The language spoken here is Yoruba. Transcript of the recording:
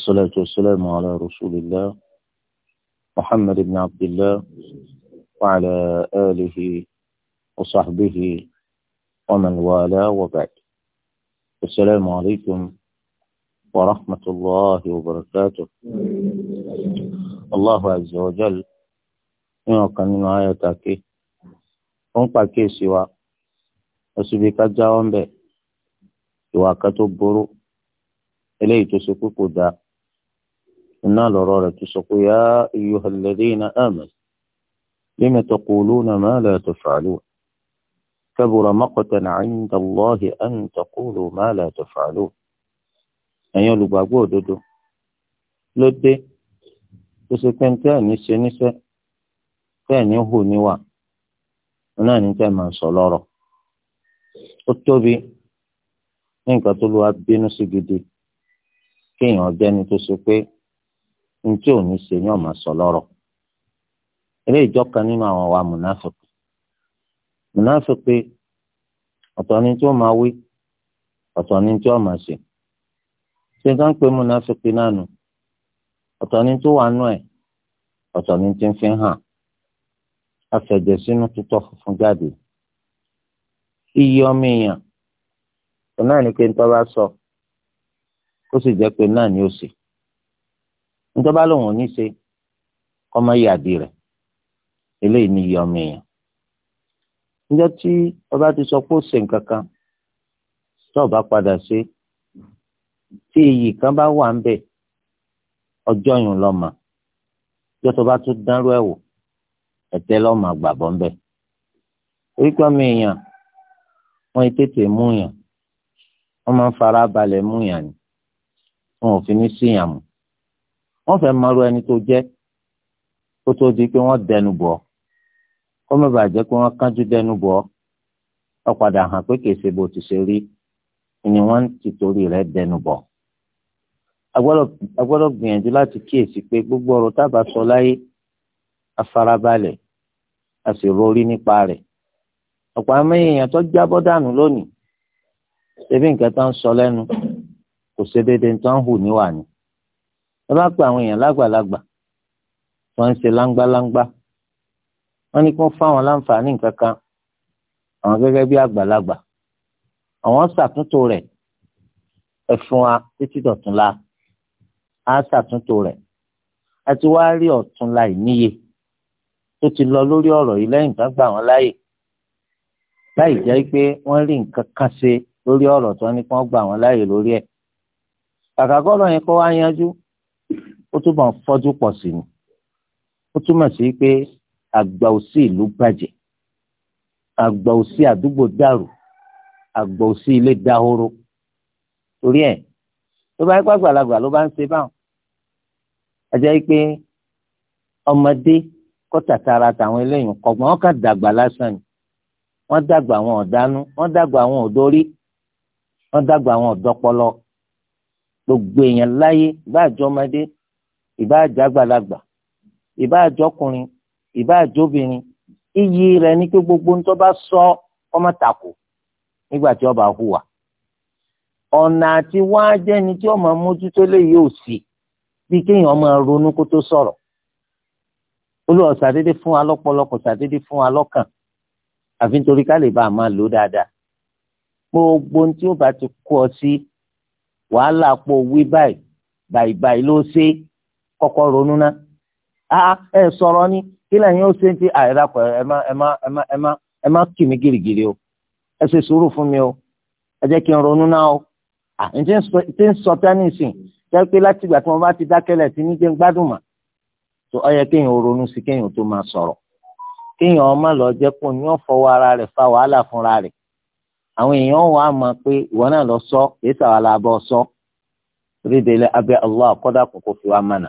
والصلاة والسلام على رسول الله محمد بن عبد الله وعلى آله وصحبه ومن والاه وبعد السلام عليكم ورحمة الله وبركاته الله عز وجل يوقع من آياتك ونقع كي سوا وسبك الجوان به برو إليه tó burú iná lọ́rọ̀ rẹ̀ tó sọ pé yá ayyuhal ladhina amanu lima taquluna ma la taf'alun kabura maqtan 'inda Allahi an taqulu ma la taf'alun ẹ̀yin olùgbàgbọ́ òdodo ló dé tó ṣe pé tẹ́ ẹ̀ ní ṣe níṣẹ́ tẹ́ ẹ̀ ní hù níwà náà ní tẹ́ máa sọ lọ́rọ̀ ó tóbi ní nǹkan tó lọ́wọ́ bínú sí gidi kéèyàn jẹ́ni tó ṣe pé. ní tí ò ní ọmọ sọ lọ́rọ̀ eré ìjọkan nínú àwọn wa ni tí ó máa wí ni tí ó máa ṣe ṣé ká ń pe mùnáfíkì náà nù ni tó wà nù ẹ̀ Ọtọ ni tí ń fi hàn sínú funfun jáde iyì ọmọ èèyàn náà ni pé sọ ó sì jẹ́ pé náà ni ó níjọba lòun ò ní ṣe kọ́mọ yìí àdì rẹ̀ eléyìí ní iye ọmọ èèyàn níjọ́ tí ọba ti sọ pé ó ṣe nǹkan kan tó ọba padà ṣe tí iyì kan bá wà ń bẹ ọjọ́ yìí lọ́mọ yóò tó bá tún dánrú ẹ̀ wò ẹ̀tẹ́ lọ́mọ àgbàbọ̀ ń bẹ orí pé èèyàn wọ́n tètè mú yàn máa ń fara balẹ̀ mú yàn ni wọn ò fi ní síyàn mú wọ́n fẹ́ mọ̀rọ̀ ẹni tó jẹ́ kó tó di pé wọ́n dẹnu bọ̀ kó má bàa jẹ́ pé wọ́n kánjú dẹnu bọ̀ ọ padà hàn pé kèsè bó ti ṣe rí ni wọ́n ti torí rẹ̀ dẹnu bọ̀. a gbọ́dọ̀ gbìyànjú láti kíyèsí pé gbogbo ọ̀rọ̀ tábà sọ láyé afarabalẹ̀ a sì rori nípa rẹ̀ ọ̀pọ̀ àwọn èèyàn tó jábọ́ dànù lónìí ṣebí nǹkan tó ń sọ lẹ́nu kò ṣe déédéé tó ń hù níwà ni ẹ bá pe àwọn èèyàn lágbàlagbà wọ́n ń ṣe láńgbáláńgbá wọ́n ní kí wọ́n fáwọn láǹfààní nǹkan kan àwọn gẹ́gẹ́ bí àgbàlagbà àwọn ṣàtúntò rẹ̀ ẹ fún wa títí dọ̀túnla á ṣàtúntò rẹ̀ a ti wá rí ọ̀túnla ìníye tó ti lọ lórí ọ̀rọ̀ yìí lẹ́yìn tó gbà wọ́n láàyè láì jẹ́ pé wọ́n rí nǹkan kan ṣe lórí ọ̀rọ̀ tó ní kí gbà wọ́n láàyè lórí ẹ̀ kàkà kọ́rọ̀ yẹn kó wá yanjú ó túbọ̀ ń fọ́jú pọ̀ sí ni ó túmọ̀ sí pé àgbà òsì ìlú bàjẹ́ àgbà òsì àdúgbò dàrú àgbà òsì ilé dahoro torí ẹ̀ tó bá ipá gbàlagbà ló bá ń ṣe báwọn ajá yìí pé ọmọdé kọ́tàtàrà tàwọn eléyìí kọ̀gbọ́n wọn kà dàgbà lásán ni wọ́n dàgbà àwọn ọ̀dánú wọ́n dàgbà àwọn ọ̀dórí wọ́n dàgbà àwọn ọ̀dọ́pọlọ gbogbo èèyàn láyé báàjọ́ ọmọdé ìbá àjàgbàlagbà ìbá àjọkùnrin ìbá àjọbìnrin iyì rẹ̀ ní pé gbogbo ń tó bá sọ ọmọ tako nígbà tí ọba hùwà ọ̀nà àti wá jẹ́ni tí ọmọ mójútó lè yóò sí bí kéèyàn máa ronú kó tó sọ̀rọ̀ olùwà ṣàdédé fún wa lọ́pọlọ kò ṣàdédé fún wa lọ́kàn àfi nítorí ká lè bá a máa lò dáadáa gbogbo tí ó bá ti kú ọ sí wàhálà pọ̀ wí báyìí báyìí báyìí ló ṣe é kọ́kọ́ ronú ná ẹ sọ̀rọ̀ ni kí lẹ́yìn ó ṣe ń ti ẹ má ẹ má ẹ má ẹ má ẹ má gìrìgìrì o ẹ ṣe sùúrù fún mi o ẹ jẹ́ kí n ronú náà o àyìn tí ń sọ jẹ́ pé láti ìgbà tí mo bá ti dákẹ́lẹ̀ ní gbádùn mà tó ọ yẹ kéèyàn ronú sí kéèyàn tó máa sọ̀rọ̀ kéèyàn lọ jẹ́ kó ní ara rẹ̀ fa wàhálà fúnra rẹ̀ àwọn èèyàn wà á mọ̀ pé ìwọ náà lọ sọ sọ abẹ́ Allah fi wá